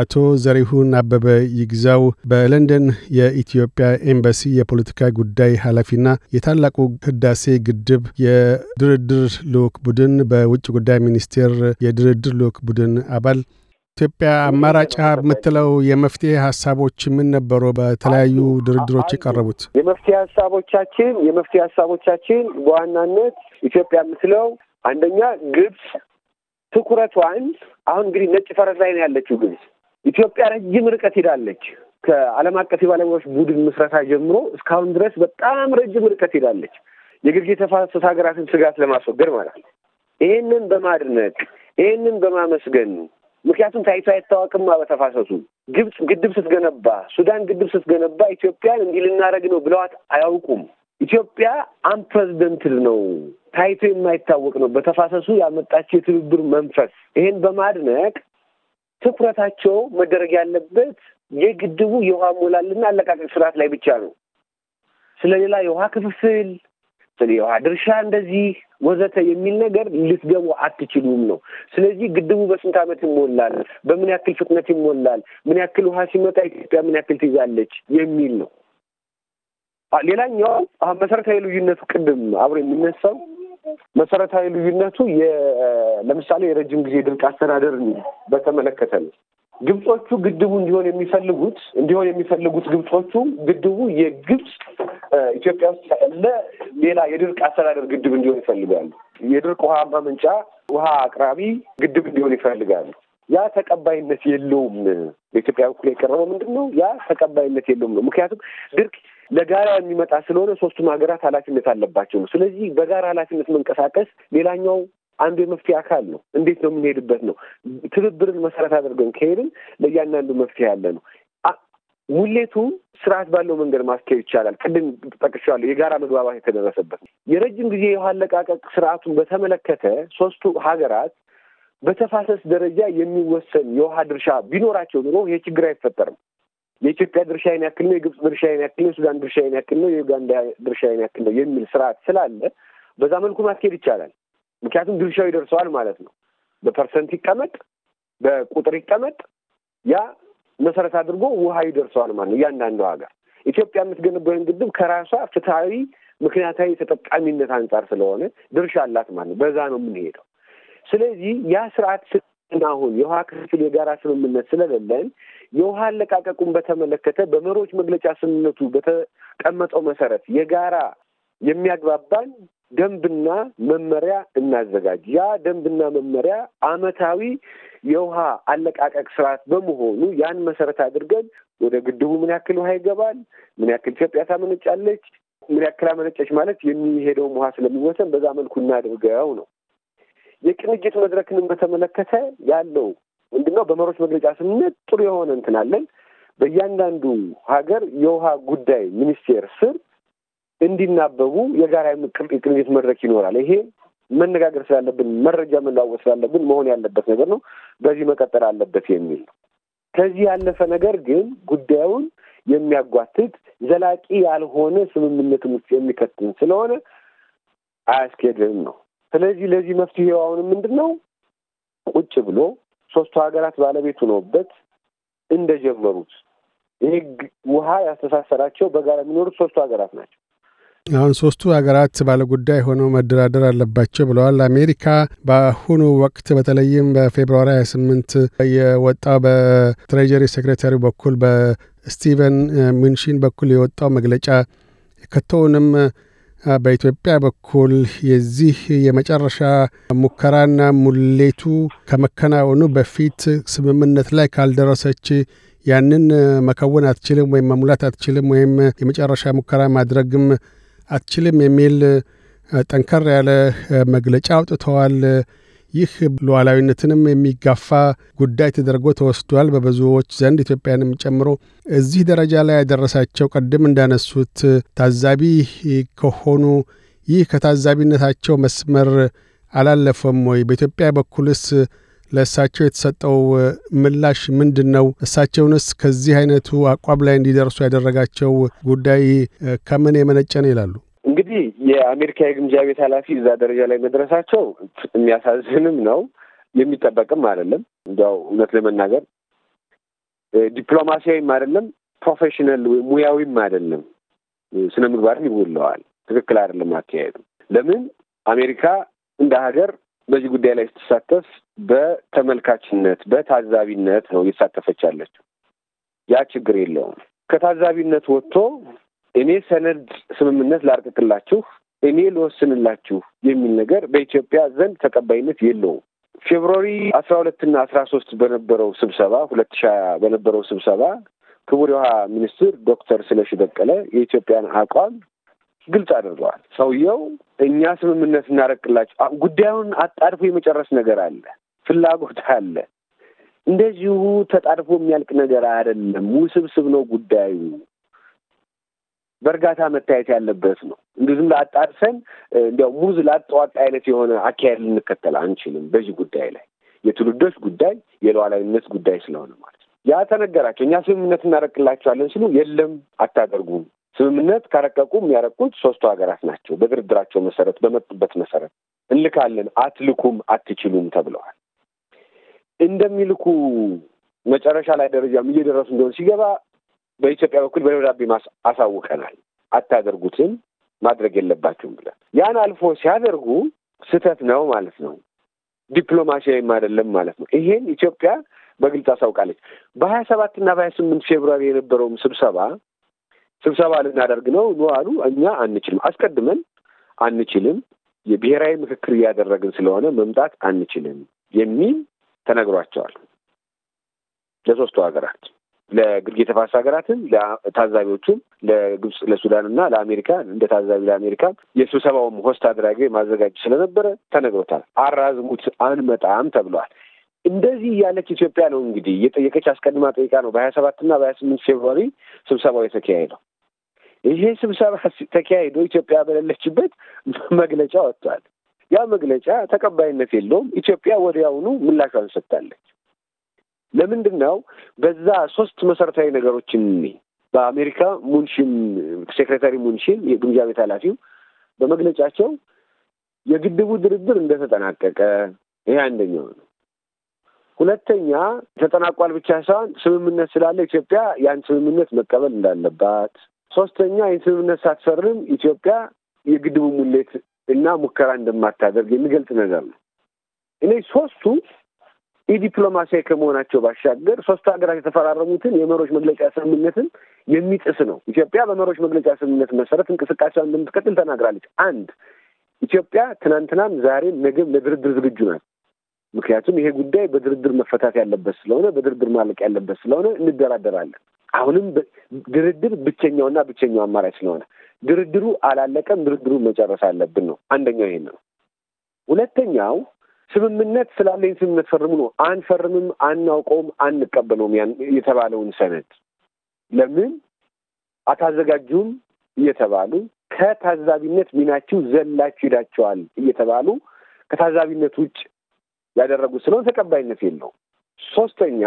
አቶ ዘሪሁን አበበ ይግዛው በለንደን የኢትዮጵያ ኤምባሲ የፖለቲካ ጉዳይ ኃላፊና የታላቁ ህዳሴ ግድብ የድርድር ልዑክ ቡድን በውጭ ጉዳይ ሚኒስቴር የድርድር ልዑክ ቡድን አባል። ኢትዮጵያ አማራጭ የምትለው የመፍትሄ ሀሳቦች ምን ነበሩ? በተለያዩ ድርድሮች የቀረቡት የመፍትሄ ሀሳቦቻችን የመፍትሄ ሀሳቦቻችን በዋናነት ኢትዮጵያ የምትለው አንደኛ ግብጽ ትኩረቷን አሁን እንግዲህ ነጭ ፈረስ ላይ ነው ያለችው ግብጽ። ኢትዮጵያ ረጅም ርቀት ሄዳለች። ከዓለም አቀፍ የባለሙያዎች ቡድን ምስረታ ጀምሮ እስካሁን ድረስ በጣም ረጅም ርቀት ሄዳለች። የግርጌ ተፋሰስ ሀገራትን ስጋት ለማስወገድ ማለት ነው። ይህንን በማድነቅ ይህንን በማመስገን ምክንያቱም ታይቶ አይታወቅማ። በተፋሰሱ ግብፅ ግድብ ስትገነባ፣ ሱዳን ግድብ ስትገነባ ኢትዮጵያን እንዲህ ልናደርግ ነው ብለዋት አያውቁም። ኢትዮጵያ አንፕሬዚደንትድ ነው፣ ታይቶ የማይታወቅ ነው። በተፋሰሱ ያመጣችው የትብብር መንፈስ ይህን በማድነቅ ትኩረታቸው መደረግ ያለበት የግድቡ የውሃ ሞላልና አለቃቀቅ ስርዓት ላይ ብቻ ነው። ሌላ የውሃ ክፍፍል፣ ስለ የውሃ ድርሻ እንደዚህ ወዘተ የሚል ነገር ልትገቡ አትችሉም ነው። ስለዚህ ግድቡ በስንት ዓመት ይሞላል፣ በምን ያክል ፍጥነት ይሞላል፣ ምን ያክል ውሃ ሲመጣ ኢትዮጵያ ምን ያክል ትይዛለች የሚል ነው። ሌላኛው መሰረታዊ ልዩነቱ ቅድም አብሮ የሚነሳው መሰረታዊ ልዩነቱ ለምሳሌ የረጅም ጊዜ ድርቅ አስተዳደር በተመለከተ ነው። ግብጾቹ ግድቡ እንዲሆን የሚፈልጉት እንዲሆን የሚፈልጉት ግብጾቹ ግድቡ የግብፅ ኢትዮጵያ ውስጥ ያለ ሌላ የድርቅ አስተዳደር ግድብ እንዲሆን ይፈልጋሉ። የድርቅ ውሃ ማመንጫ ውሃ አቅራቢ ግድብ እንዲሆን ይፈልጋሉ። ያ ተቀባይነት የለውም። በኢትዮጵያ በኩል የቀረበው ምንድን ነው? ያ ተቀባይነት የለውም ነው። ምክንያቱም ድርቅ ለጋራ የሚመጣ ስለሆነ ሶስቱም ሀገራት ኃላፊነት አለባቸው ነው። ስለዚህ በጋራ ኃላፊነት መንቀሳቀስ ሌላኛው አንዱ የመፍትሄ አካል ነው። እንዴት ነው የምንሄድበት ነው። ትብብርን መሰረት አድርገን ከሄድን ለእያንዳንዱ መፍትሄ ያለ ነው። ሙሌቱ ስርዓት ባለው መንገድ ማስኬድ ይቻላል። ቅድም ጠቅሻለሁ፣ የጋራ መግባባት የተደረሰበት የረጅም ጊዜ የውሃ አለቃቀቅ ስርዓቱን በተመለከተ ሶስቱ ሀገራት በተፋሰስ ደረጃ የሚወሰን የውሃ ድርሻ ቢኖራቸው ኑሮ ይሄ ችግር አይፈጠርም። የኢትዮጵያ ድርሻ ይህን ያክል ነው፣ የግብፅ ድርሻ ይህን ያክል ነው፣ የሱዳን ድርሻ ይህን ያክል ነው፣ የዩጋንዳ ድርሻ ይህን ያክል ነው የሚል ስርዓት ስላለ በዛ መልኩ ማስኬድ ይቻላል። ምክንያቱም ድርሻው ይደርሰዋል ማለት ነው። በፐርሰንት ይቀመጥ፣ በቁጥር ይቀመጥ፣ ያ መሰረት አድርጎ ውሃ ይደርሰዋል ማለት ነው። እያንዳንዱ ሀገር ኢትዮጵያ የምትገነባው ግድብ ከራሷ ፍትሐዊ፣ ምክንያታዊ ተጠቃሚነት አንጻር ስለሆነ ድርሻ አላት ማለት ነው። በዛ ነው የምንሄደው። ስለዚህ ያ ስርዓት ግን አሁን የውሃ ክፍል የጋራ ስምምነት ስለሌለን የውሃ አለቃቀቁን በተመለከተ በመሪዎች መግለጫ ስምምነቱ በተቀመጠው መሰረት የጋራ የሚያግባባን ደንብና መመሪያ እናዘጋጅ። ያ ደንብና መመሪያ አመታዊ የውሃ አለቃቀቅ ስርዓት በመሆኑ ያን መሰረት አድርገን ወደ ግድቡ ምን ያክል ውሃ ይገባል፣ ምን ያክል ኢትዮጵያ ታመነጫለች፣ ምን ያክል አመነጨች ማለት የሚሄደውም ውሃ ስለሚወሰን በዛ መልኩ እናድርገው ነው። የቅንጅት መድረክንም በተመለከተ ያለው ምንድነው? በመሮች መግለጫ ስምነት ጥሩ የሆነ እንትን አለን። በእያንዳንዱ ሀገር የውሃ ጉዳይ ሚኒስቴር ስር እንዲናበቡ የጋራ የቅንጅት መድረክ ይኖራል። ይሄ መነጋገር ስላለብን መረጃ መለዋወጥ ስላለብን መሆን ያለበት ነገር ነው። በዚህ መቀጠል አለበት የሚል ነው። ከዚህ ያለፈ ነገር ግን ጉዳዩን የሚያጓትት ዘላቂ ያልሆነ ስምምነትም ውስጥ የሚከትን ስለሆነ አያስኬድም ነው። ስለዚህ ለዚህ መፍትሄው አሁን ምንድን ነው? ቁጭ ብሎ ሶስቱ ሀገራት ባለቤት ሆነውበት እንደጀመሩት የህግ ውሃ ያስተሳሰራቸው በጋራ የሚኖሩት ሶስቱ ሀገራት ናቸው። አሁን ሶስቱ ሀገራት ባለጉዳይ ሆነው መደራደር አለባቸው ብለዋል። አሜሪካ በአሁኑ ወቅት በተለይም በፌብርዋሪ 28 የወጣው በትሬጀሪ ሴክሬታሪ በኩል በስቲቨን ሚንሽን በኩል የወጣው መግለጫ ከቶውንም በኢትዮጵያ በኩል የዚህ የመጨረሻ ሙከራና ሙሌቱ ከመከናወኑ በፊት ስምምነት ላይ ካልደረሰች ያንን መከወን አትችልም ወይም መሙላት አትችልም ወይም የመጨረሻ ሙከራ ማድረግም አትችልም የሚል ጠንከር ያለ መግለጫ አውጥተዋል። ይህ ሉዓላዊነትንም የሚጋፋ ጉዳይ ተደርጎ ተወስዷል። በብዙዎች ዘንድ ኢትዮጵያንም ጨምሮ እዚህ ደረጃ ላይ ያደረሳቸው ቀድም እንዳነሱት ታዛቢ ከሆኑ ይህ ከታዛቢነታቸው መስመር አላለፈም ወይ? በኢትዮጵያ በኩልስ ለእሳቸው የተሰጠው ምላሽ ምንድን ነው? እሳቸውንስ ከዚህ አይነቱ አቋም ላይ እንዲደርሱ ያደረጋቸው ጉዳይ ከምን የመነጨን ይላሉ? እንግዲህ የአሜሪካ የግምጃ ቤት ኃላፊ እዛ ደረጃ ላይ መድረሳቸው የሚያሳዝንም ነው የሚጠበቅም አይደለም። እንዲያው እውነት ለመናገር ዲፕሎማሲያዊም አይደለም፣ ፕሮፌሽናል ወይም ሙያዊም አይደለም። ስነ ምግባርን ይጎለዋል። ትክክል አይደለም አካሄዱ። ለምን አሜሪካ እንደ ሀገር በዚህ ጉዳይ ላይ ስትሳተፍ በተመልካችነት በታዛቢነት ነው እየተሳተፈች ያለችው። ያ ችግር የለውም። ከታዛቢነት ወጥቶ እኔ ሰነድ ስምምነት ላርቅቅላችሁ፣ እኔ ልወስንላችሁ የሚል ነገር በኢትዮጵያ ዘንድ ተቀባይነት የለውም። ፌብሩዋሪ አስራ ሁለትና አስራ ሶስት በነበረው ስብሰባ ሁለት ሺ ሃያ በነበረው ስብሰባ ክቡር የውሃ ሚኒስትር ዶክተር ስለሺ በቀለ የኢትዮጵያን አቋም ግልጽ አድርገዋል። ሰውየው እኛ ስምምነት እናረቅላቸው ጉዳዩን አጣድፎ የመጨረስ ነገር አለ፣ ፍላጎት አለ። እንደዚሁ ተጣድፎ የሚያልቅ ነገር አይደለም፣ ውስብስብ ነው ጉዳዩ በእርጋታ መታየት ያለበት ነው። እንዲህ ላጣርሰን እንዲያው ሙዝ ላጠዋጣ አይነት የሆነ አካሄድ ልንከተል አንችልም። በዚህ ጉዳይ ላይ የትውልዶች ጉዳይ የሉዓላዊነት ጉዳይ ስለሆነ ማለት ነው። ያ ተነገራቸው። እኛ ስምምነት እናረቅላቸዋለን ሲሉ የለም አታደርጉም። ስምምነት ካረቀቁ የሚያረቁት ሶስቱ ሀገራት ናቸው። በድርድራቸው መሰረት፣ በመጡበት መሰረት እንልካለን፣ አትልኩም፣ አትችሉም ተብለዋል። እንደሚልኩ መጨረሻ ላይ ደረጃም እየደረሱ እንደሆነ ሲገባ በኢትዮጵያ በኩል በደብዳቤ አሳውቀናል። አታደርጉትም፣ ማድረግ የለባችሁም ብለን ያን አልፎ ሲያደርጉ ስህተት ነው ማለት ነው። ዲፕሎማሲያዊም አይደለም ማለት ነው። ይሄን ኢትዮጵያ በግልጽ አሳውቃለች። በሀያ ሰባት እና በሀያ ስምንት ፌብሩዋሪ የነበረውም ስብሰባ ስብሰባ ልናደርግ ነው ኑ አሉ። እኛ አንችልም፣ አስቀድመን አንችልም፣ የብሔራዊ ምክክር እያደረግን ስለሆነ መምጣት አንችልም የሚል ተነግሯቸዋል ለሶስቱ ሀገራት። ለግርጌ ተፋሰስ ሀገራትም ለታዛቢዎቹም ለግብፅ፣ ለሱዳን ለአሜሪካ እንደ ታዛቢ ለአሜሪካ የስብሰባውም ሆስት አድራጊ ማዘጋጅ ስለነበረ ተነግሮታል። አራዝሙት አንመጣም ተብሏል። እንደዚህ እያለች ኢትዮጵያ ነው እንግዲህ እየጠየቀች አስቀድማ ጠይቃ ነው በሀያ ሰባት እና በሀያ ስምንት ፌብሩዋሪ ስብሰባው የተካሄደው። ይሄ ስብሰባ ተካሂዶ ኢትዮጵያ በሌለችበት መግለጫ ወጥቷል። ያ መግለጫ ተቀባይነት የለውም። ኢትዮጵያ ወዲያውኑ ምላሿን ሰጥታለች። ለምንድን ነው በዛ ሶስት መሰረታዊ ነገሮችን በአሜሪካ ሙንሽን ሴክሬታሪ ሙንሽን የግምጃ ቤት ኃላፊው በመግለጫቸው የግድቡ ድርድር እንደተጠናቀቀ ይሄ አንደኛው ነው። ሁለተኛ ተጠናቋል ብቻ ሳይሆን ስምምነት ስላለ ኢትዮጵያ ያን ስምምነት መቀበል እንዳለባት፣ ሶስተኛ ይህን ስምምነት ሳትፈርም ኢትዮጵያ የግድቡ ሙሌት እና ሙከራ እንደማታደርግ የሚገልጽ ነገር ነው። እኔ ሶስቱ ኢዲፕሎማሲያዊ ከመሆናቸው ባሻገር ሶስት ሀገራት የተፈራረሙትን የመሮች መግለጫ ስምምነትን የሚጥስ ነው። ኢትዮጵያ በመሮች መግለጫ ስምምነት መሰረት እንቅስቃሴዋ እንደምትቀጥል ተናግራለች። አንድ ኢትዮጵያ ትናንትናም፣ ዛሬም፣ ነገም ለድርድር ዝግጁ ናት። ምክንያቱም ይሄ ጉዳይ በድርድር መፈታት ያለበት ስለሆነ በድርድር ማለቅ ያለበት ስለሆነ እንደራደራለን። አሁንም ድርድር ብቸኛውና ብቸኛው አማራጭ ስለሆነ ድርድሩ አላለቀም፣ ድርድሩ መጨረስ አለብን ነው። አንደኛው ይሄን ነው። ሁለተኛው ስምምነት ስላለኝ ስምምነት ፈርሙ ነው። አንፈርምም፣ አናውቀውም፣ አንቀበለውም የተባለውን ሰነድ ለምን አታዘጋጁም እየተባሉ ከታዛቢነት ሚናችሁ ዘላችሁ ሄዳችኋል እየተባሉ ከታዛቢነት ውጭ ያደረጉት ስለሆነ ተቀባይነት የለውም። ሶስተኛ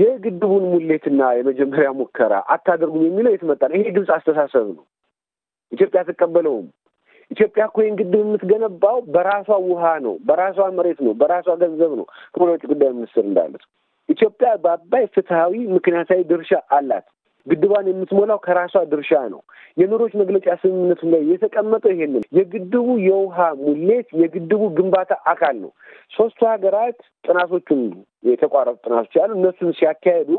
የግድቡን ሙሌትና የመጀመሪያ ሙከራ አታደርጉም የሚለው የት መጣ ነው? ይሄ ግብፅ አስተሳሰብ ነው። ኢትዮጵያ አትቀበለውም። ኢትዮጵያ እኮ ይህን ግድብ የምትገነባው በራሷ ውሃ ነው፣ በራሷ መሬት ነው፣ በራሷ ገንዘብ ነው ክቡር ጉዳይ ሚኒስትር እንዳሉት። ኢትዮጵያ በአባይ ፍትሐዊ ምክንያታዊ ድርሻ አላት። ግድቧን የምትሞላው ከራሷ ድርሻ ነው። የኑሮች መግለጫ ስምምነቱ ላይ የተቀመጠው ይሄንን የግድቡ የውሃ ሙሌት የግድቡ ግንባታ አካል ነው። ሶስቱ ሀገራት ጥናቶቹን የተቋረጡ ጥናቶች ያሉ እነሱን ሲያካሄዱ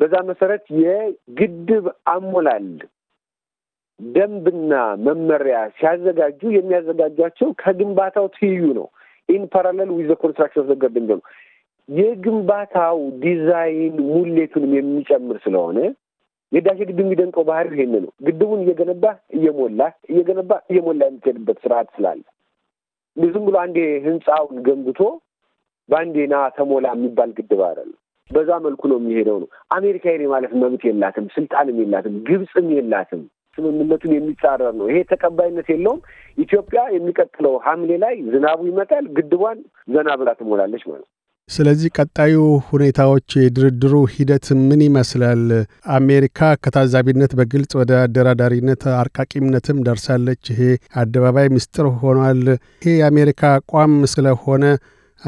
በዛ መሰረት የግድብ አሞላል ደንብና መመሪያ ሲያዘጋጁ የሚያዘጋጇቸው ከግንባታው ትይዩ ነው። ኢን ፓራሌል ዊዘ ኮንስትራክሽን ኦፍ ዘ ገርደን ነው። የግንባታው ዲዛይን ሙሌቱንም የሚጨምር ስለሆነ የህዳሴ ግድብ የሚደንቀው ባህሪው ይሄን ነው። ግድቡን እየገነባ እየሞላ እየገነባ እየሞላ የምትሄድበት ስርዓት ስላለ ዝም ብሎ አንዴ ህንፃውን ገንብቶ ባንዴና ተሞላ የሚባል ግድብ አይደለም። በዛ መልኩ ነው የሚሄደው ነው። አሜሪካ የኔ ማለት መብት የላትም፣ ስልጣንም የላትም፣ ግብፅም የላትም። ስምምነቱን የሚጻረር ነው። ይሄ ተቀባይነት የለውም። ኢትዮጵያ የሚቀጥለው ሐምሌ ላይ ዝናቡ ይመጣል፣ ግድቧን ዘና ብላ ትሞላለች ማለት ነው። ስለዚህ ቀጣዩ ሁኔታዎች የድርድሩ ሂደት ምን ይመስላል? አሜሪካ ከታዛቢነት በግልጽ ወደ አደራዳሪነት አርቃቂምነትም ደርሳለች። ይሄ አደባባይ ምስጢር ሆኗል። ይሄ የአሜሪካ አቋም ስለሆነ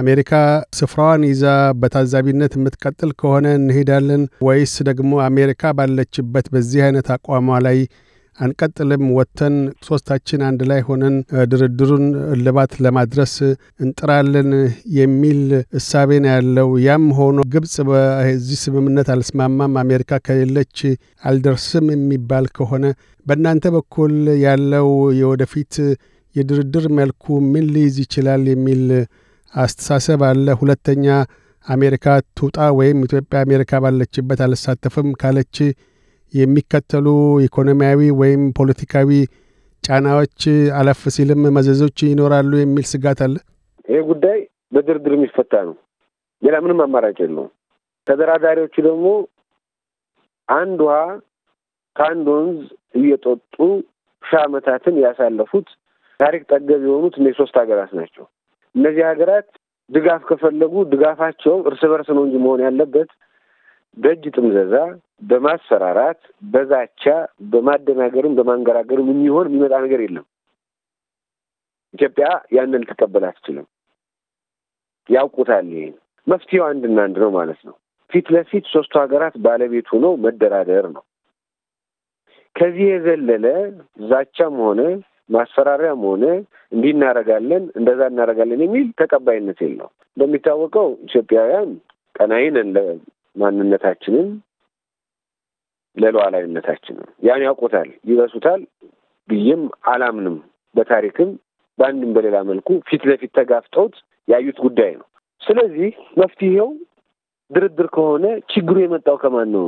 አሜሪካ ስፍራዋን ይዛ በታዛቢነት የምትቀጥል ከሆነ እንሄዳለን ወይስ ደግሞ አሜሪካ ባለችበት በዚህ አይነት አቋሟ ላይ አንቀጥልም፣ ወጥተን ሶስታችን አንድ ላይ ሆነን ድርድሩን እልባት ለማድረስ እንጥራለን የሚል እሳቤ ነው ያለው። ያም ሆኖ ግብጽ በዚህ ስምምነት አልስማማም፣ አሜሪካ ከሌለች አልደርስም የሚባል ከሆነ በእናንተ በኩል ያለው የወደፊት የድርድር መልኩ ምን ሊይዝ ይችላል የሚል አስተሳሰብ አለ። ሁለተኛ አሜሪካ ትውጣ ወይም ኢትዮጵያ አሜሪካ ባለችበት አልሳተፍም ካለች የሚከተሉ ኢኮኖሚያዊ ወይም ፖለቲካዊ ጫናዎች አለፍ ሲልም መዘዞች ይኖራሉ የሚል ስጋት አለ። ይህ ጉዳይ በድርድር የሚፈታ ነው። ሌላ ምንም አማራጭ የለውም። ተደራዳሪዎቹ ደግሞ አንድ ውሃ ከአንድ ወንዝ እየጠጡ ሺህ ዓመታትን ያሳለፉት ታሪክ ጠገብ የሆኑት እነዚህ ሶስት ሀገራት ናቸው። እነዚህ ሀገራት ድጋፍ ከፈለጉ ድጋፋቸው እርስ በርስ ነው እንጂ መሆን ያለበት በእጅ ጥምዘዛ፣ በማስፈራራት፣ በዛቻ፣ በማደናገርም በማንገራገርም የሚሆን የሚመጣ ነገር የለም። ኢትዮጵያ ያንን ልትቀበል አትችልም። ያውቁታል። ይሄ መፍትሄው አንድና አንድ ነው ማለት ነው። ፊት ለፊት ሶስቱ ሀገራት ባለቤት ሆኖ መደራደር ነው። ከዚህ የዘለለ ዛቻም ሆነ ማስፈራሪያም ሆነ እንዲህ እናደርጋለን እንደዛ እናደርጋለን የሚል ተቀባይነት የለው እንደሚታወቀው ኢትዮጵያውያን ቀናይን ማንነታችንን ለሉዓላዊነታችንን ያን ያውቁታል፣ ይበሱታል ብዬም አላምንም። በታሪክም በአንድም በሌላ መልኩ ፊት ለፊት ተጋፍጠውት ያዩት ጉዳይ ነው። ስለዚህ መፍትሄው ድርድር ከሆነ ችግሩ የመጣው ከማን ነው?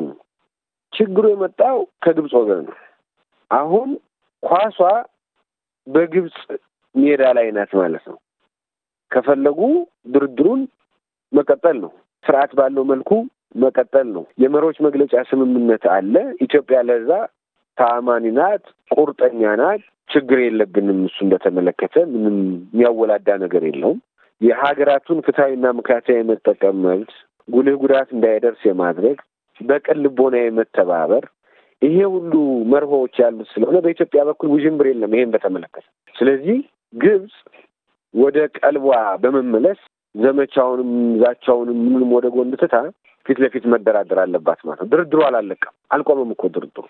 ችግሩ የመጣው ከግብፅ ወገን ነው። አሁን ኳሷ በግብፅ ሜዳ ላይ ናት ማለት ነው። ከፈለጉ ድርድሩን መቀጠል ነው፣ ስርዓት ባለው መልኩ መቀጠል ነው። የመሪዎች መግለጫ ስምምነት አለ። ኢትዮጵያ ለዛ ተአማኒ ናት፣ ቁርጠኛ ናት። ችግር የለብንም። እሱን በተመለከተ ምንም የሚያወላዳ ነገር የለውም። የሀገራቱን ፍትሐዊና ምክንያታዊ የመጠቀም መብት ጉልህ ጉዳት እንዳይደርስ የማድረግ በቅን ልቦና የመተባበር ይሄ ሁሉ መርሆዎች ያሉት ስለሆነ በኢትዮጵያ በኩል ውዥንብር የለም ይሄን በተመለከተ። ስለዚህ ግብጽ ወደ ቀልቧ በመመለስ ዘመቻውንም ዛቻውንም ምንም ወደ ጎን ትታ ፊት ለፊት መደራደር አለባት ማለት ነው። ድርድሩ አላለቀም፣ አልቆመም እኮ ድርድሩ።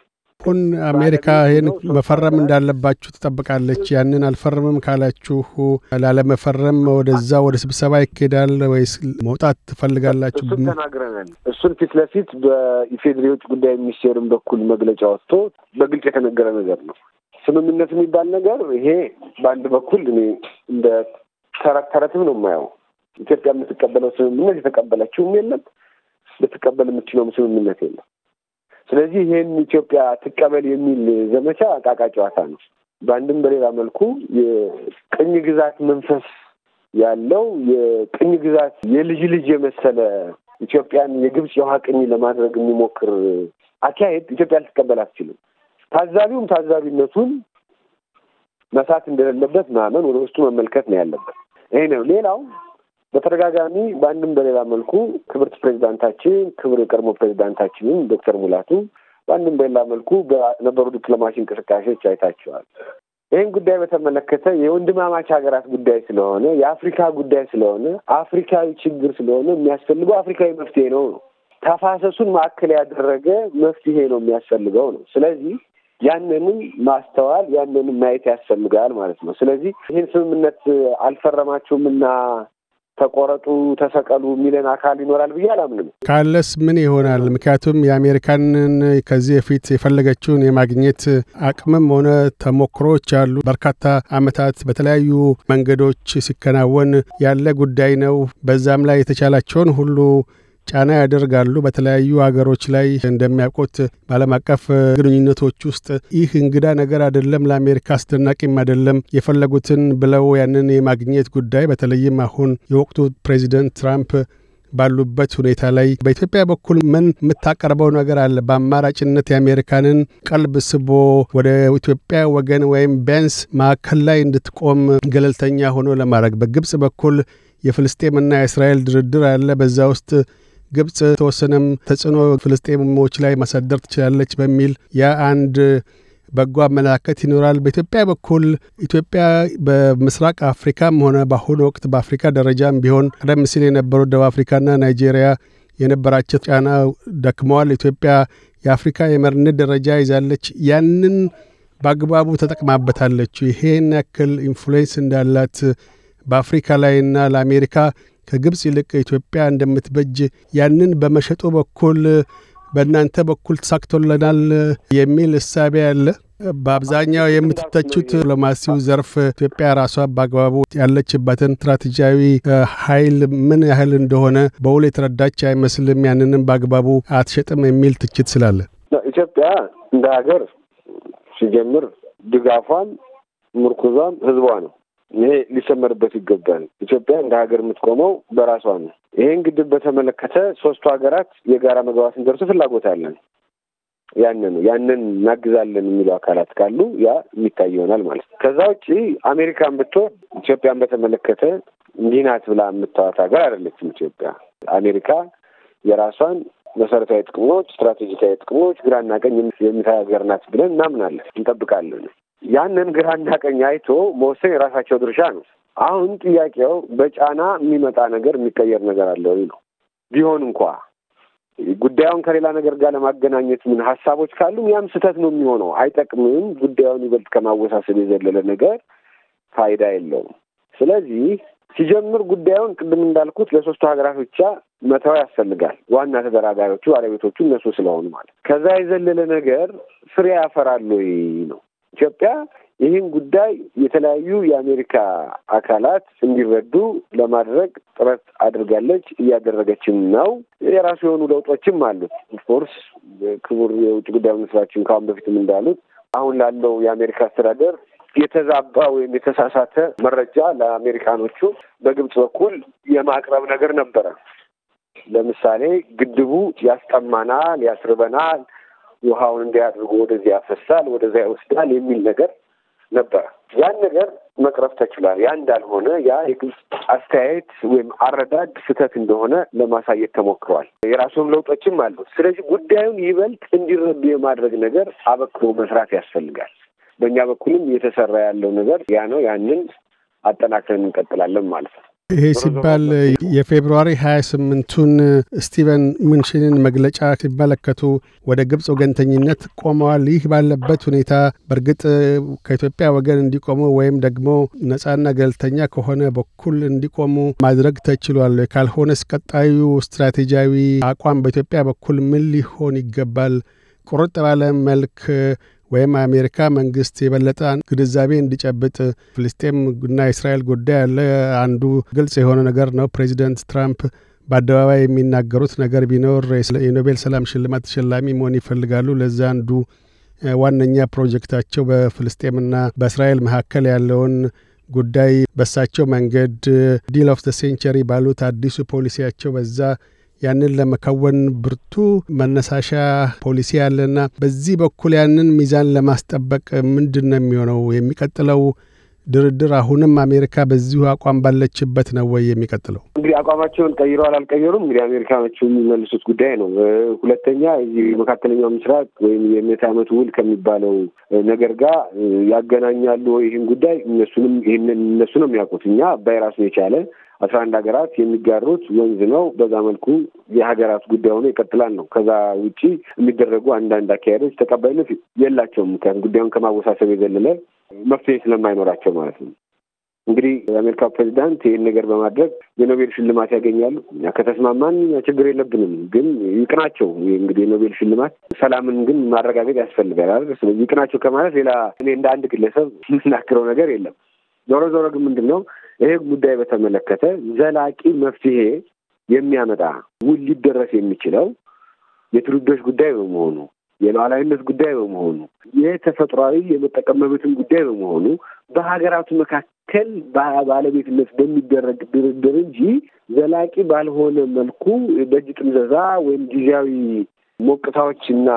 አሁን አሜሪካ ይህን መፈረም እንዳለባችሁ ትጠብቃለች። ያንን አልፈርምም ካላችሁ ላለመፈረም ወደዛ ወደ ስብሰባ ይካሄዳል ወይስ መውጣት ትፈልጋላችሁ? እሱን ተናግረናል። እሱን ፊት ለፊት በኢፌዴሪ የውጭ ጉዳይ ሚኒስቴርም በኩል መግለጫ ወጥቶ በግልጽ የተነገረ ነገር ነው። ስምምነት የሚባል ነገር ይሄ በአንድ በኩል እኔ እንደ ተረት ተረትም ነው የማየው። ኢትዮጵያ የምትቀበለው ስምምነት የተቀበለችውም የለም ልትቀበል የምትችለውም ስምምነት የለም። ስለዚህ ይህን ኢትዮጵያ ትቀበል የሚል ዘመቻ አቃቃ ጨዋታ ነው። በአንድም በሌላ መልኩ የቅኝ ግዛት መንፈስ ያለው የቅኝ ግዛት የልጅ ልጅ የመሰለ ኢትዮጵያን የግብፅ የውሃ ቅኝ ለማድረግ የሚሞክር አካሄድ ኢትዮጵያ ልትቀበል አትችልም። ታዛቢውም ታዛቢነቱን መሳት እንደሌለበት ማመን ወደ ውስጡ መመልከት ነው ያለበት። ይሄ ነው ሌላው በተደጋጋሚ በአንድም በሌላ መልኩ ክብርት ፕሬዚዳንታችን ክብር የቀድሞ ፕሬዚዳንታችንም ዶክተር ሙላቱ በአንድም በሌላ መልኩ በነበሩ ዲፕሎማሲ እንቅስቃሴዎች አይታቸዋል። ይህን ጉዳይ በተመለከተ የወንድማማች ሀገራት ጉዳይ ስለሆነ የአፍሪካ ጉዳይ ስለሆነ አፍሪካዊ ችግር ስለሆነ የሚያስፈልገው አፍሪካዊ መፍትሄ ነው ነው ተፋሰሱን ማዕከል ያደረገ መፍትሄ ነው የሚያስፈልገው ነው። ስለዚህ ያንንም ማስተዋል ያንንም ማየት ያስፈልጋል ማለት ነው። ስለዚህ ይህን ስምምነት አልፈረማችሁም እና ተቆረጡ፣ ተሰቀሉ የሚለን አካል ይኖራል ብዬ አላምንም። ካለስ ምን ይሆናል? ምክንያቱም የአሜሪካንን ከዚህ በፊት የፈለገችውን የማግኘት አቅምም ሆነ ተሞክሮች አሉ። በርካታ ዓመታት በተለያዩ መንገዶች ሲከናወን ያለ ጉዳይ ነው። በዛም ላይ የተቻላቸውን ሁሉ ጫና ያደርጋሉ በተለያዩ ሀገሮች ላይ እንደሚያውቁት በዓለም አቀፍ ግንኙነቶች ውስጥ ይህ እንግዳ ነገር አይደለም፣ ለአሜሪካ አስደናቂም አይደለም። የፈለጉትን ብለው ያንን የማግኘት ጉዳይ በተለይም አሁን የወቅቱ ፕሬዚደንት ትራምፕ ባሉበት ሁኔታ ላይ በኢትዮጵያ በኩል ምን የምታቀርበው ነገር አለ? በአማራጭነት የአሜሪካንን ቀልብ ስቦ ወደ ኢትዮጵያ ወገን ወይም ቢያንስ ማዕከል ላይ እንድትቆም ገለልተኛ ሆኖ ለማድረግ በግብጽ በኩል የፍልስጤምና የእስራኤል ድርድር አለ። በዛ ውስጥ ግብጽ ተወሰነም ተጽዕኖ ፍልስጤሞች ላይ ማሳደር ትችላለች በሚል ያ አንድ በጎ አመለካከት ይኖራል። በኢትዮጵያ በኩል ኢትዮጵያ በምስራቅ አፍሪካም ሆነ በአሁኑ ወቅት በአፍሪካ ደረጃም ቢሆን ቀደም ሲል የነበሩ ደቡብ አፍሪካና ናይጄሪያ የነበራቸው ጫና ደክመዋል። ኢትዮጵያ የአፍሪካ የመሪነት ደረጃ ይዛለች። ያንን በአግባቡ ተጠቅማበታለች። ይሄን ያክል ኢንፍሉዌንስ እንዳላት በአፍሪካ ላይና ለአሜሪካ ከግብፅ ይልቅ ኢትዮጵያ እንደምትበጅ ያንን በመሸጡ በኩል በእናንተ በኩል ተሳክቶልናል የሚል እሳቤ አለ። በአብዛኛው የምትተቹት ዲፕሎማሲው ዘርፍ ኢትዮጵያ ራሷ በአግባቡ ያለችበትን ስትራቴጂያዊ ኃይል ምን ያህል እንደሆነ በውል የተረዳች አይመስልም፣ ያንንም በአግባቡ አትሸጥም የሚል ትችት ስላለ ኢትዮጵያ እንደ ሀገር ሲጀምር ድጋፏን ምርኩዟን ህዝቧ ነው። ይሄ ሊሰመርበት ይገባል። ኢትዮጵያ እንደ ሀገር የምትቆመው በራሷ ነው። ይሄን ግድብ በተመለከተ ሶስቱ ሀገራት የጋራ መግባባት እንደርሱ ፍላጎት አለን። ያንን ያንን እናግዛለን የሚሉ አካላት ካሉ ያ የሚታይ ይሆናል ማለት ነው። ከዛ ውጪ አሜሪካን ብትሆን ኢትዮጵያን በተመለከተ እንዲህ ናት ብላ የምታዋት ሀገር አይደለችም። ኢትዮጵያ አሜሪካ የራሷን መሰረታዊ ጥቅሞች፣ ስትራቴጂካዊ ጥቅሞች ግራና ቀኝ የምታይ ሀገር ናት ብለን እናምናለን፣ እንጠብቃለን። ያንን ግራና ቀኝ አይቶ መወሰን የራሳቸው ድርሻ ነው። አሁን ጥያቄው በጫና የሚመጣ ነገር የሚቀየር ነገር አለ ወይ ነው። ቢሆን እንኳ ጉዳዩን ከሌላ ነገር ጋር ለማገናኘት ምን ሀሳቦች ካሉም ያም ስህተት ነው የሚሆነው፣ አይጠቅምም። ጉዳዩን ይበልጥ ከማወሳሰብ የዘለለ ነገር ፋይዳ የለውም። ስለዚህ ሲጀምር ጉዳዩን ቅድም እንዳልኩት ለሶስቱ ሀገራት ብቻ መተው ያስፈልጋል። ዋና ተደራዳሪዎቹ ባለቤቶቹ እነሱ ስለሆኑ ማለት ከዛ የዘለለ ነገር ፍሬ ያፈራሉ ነው። ኢትዮጵያ ይህን ጉዳይ የተለያዩ የአሜሪካ አካላት እንዲረዱ ለማድረግ ጥረት አድርጋለች፣ እያደረገችም ነው። የራሱ የሆኑ ለውጦችም አሉት። ኦፍኮርስ ክቡር የውጭ ጉዳይ ሚኒስትራችን ከአሁን በፊትም እንዳሉት አሁን ላለው የአሜሪካ አስተዳደር የተዛባ ወይም የተሳሳተ መረጃ ለአሜሪካኖቹ በግብጽ በኩል የማቅረብ ነገር ነበረ። ለምሳሌ ግድቡ ያስጠማናል፣ ያስርበናል ውሃውን እንዲያደርጉ ወደዚያ ያፈሳል፣ ወደዚያ ይወስዳል የሚል ነገር ነበረ። ያን ነገር መቅረፍ ተችሏል። ያ እንዳልሆነ ያ የግብፅ አስተያየት ወይም አረዳድ ስህተት እንደሆነ ለማሳየት ተሞክሯል። የራሱም ለውጦችም አሉ ስለዚህ ጉዳዩን ይበልጥ እንዲረዱ የማድረግ ነገር አበክሮ መስራት ያስፈልጋል። በእኛ በኩልም እየተሰራ ያለው ነገር ያ ነው። ያንን አጠናክረን እንቀጥላለን ማለት ነው። ይሄ ሲባል የፌብርዋሪ 28ቱን ስቲቨን ምንሽንን መግለጫ ሲመለከቱ ወደ ግብፅ ወገንተኝነት ቆመዋል። ይህ ባለበት ሁኔታ በእርግጥ ከኢትዮጵያ ወገን እንዲቆሙ ወይም ደግሞ ነጻና ገለልተኛ ከሆነ በኩል እንዲቆሙ ማድረግ ተችሏል። ካልሆነስ ቀጣዩ ስትራቴጂያዊ አቋም በኢትዮጵያ በኩል ምን ሊሆን ይገባል? ቁርጥ ባለ መልክ ወይም አሜሪካ መንግስት የበለጠ ግንዛቤ እንዲጨብጥ ፍልስጤም እና እስራኤል ጉዳይ ያለ አንዱ ግልጽ የሆነ ነገር ነው። ፕሬዚደንት ትራምፕ በአደባባይ የሚናገሩት ነገር ቢኖር የኖቤል ሰላም ሽልማት ተሸላሚ መሆን ይፈልጋሉ። ለዚ አንዱ ዋነኛ ፕሮጀክታቸው በፍልስጤምና በእስራኤል መካከል ያለውን ጉዳይ በሳቸው መንገድ ዲል ኦፍ ዘ ሴንቸሪ ባሉት አዲሱ ፖሊሲያቸው በዛ ያንን ለመከወን ብርቱ መነሳሻ ፖሊሲ ያለና በዚህ በኩል ያንን ሚዛን ለማስጠበቅ ምንድን ነው የሚሆነው? የሚቀጥለው ድርድር አሁንም አሜሪካ በዚሁ አቋም ባለችበት ነው ወይ የሚቀጥለው? እንግዲህ አቋማቸውን ቀይረዋል አልቀየሩም፣ እንግዲህ አሜሪካኖቹ የሚመልሱት ጉዳይ ነው። ሁለተኛ እዚህ መካከለኛው ምስራቅ ወይም የምዕተ ዓመቱ ውል ከሚባለው ነገር ጋር ያገናኛሉ ይህን ጉዳይ እነሱንም ይህንን እነሱ ነው የሚያውቁት። እኛ አባይ ራሱ የቻለ አስራ አንድ ሀገራት የሚጋሩት ወንዝ ነው። በዛ መልኩ የሀገራት ጉዳይ ሆኖ ይቀጥላል ነው። ከዛ ውጪ የሚደረጉ አንዳንድ አካሄዶች ተቀባይነት የላቸውም። ምክንያቱም ጉዳዩን ከማወሳሰብ የዘለለ መፍትሄ ስለማይኖራቸው ማለት ነው። እንግዲህ የአሜሪካ ፕሬዚዳንት ይህን ነገር በማድረግ የኖቤል ሽልማት ያገኛሉ። እኛ ከተስማማን ችግር የለብንም፣ ግን ይቅናቸው። እንግዲህ የኖቤል ሽልማት ሰላምን ግን ማረጋገጥ ያስፈልጋል አይደል? ስለዚህ ይቅናቸው ከማለት ሌላ እኔ እንደ አንድ ግለሰብ የምናገረው ነገር የለም። ዞሮ ዞሮ ግን ምንድን ነው ይህ ጉዳይ በተመለከተ ዘላቂ መፍትሄ የሚያመጣ ውል ሊደረስ የሚችለው የትውልዶች ጉዳይ በመሆኑ የሉዓላዊነት ጉዳይ በመሆኑ የተፈጥሯዊ የመጠቀም መብትን ጉዳይ በመሆኑ በሀገራቱ መካከል ባለቤትነት በሚደረግ ድርድር እንጂ ዘላቂ ባልሆነ መልኩ በእጅ ጥምዘዛ ወይም ጊዜያዊ ሞቅታዎች እና